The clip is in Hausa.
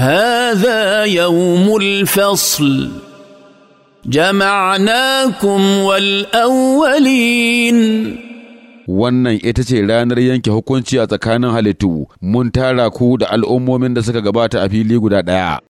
هذا يوم الفصل جمعناكم والأولين wannan ita ce ranar yanke hukunci a tsakanin halittu mun tara ku da al'ummomin da suka gabata a fili guda ɗaya.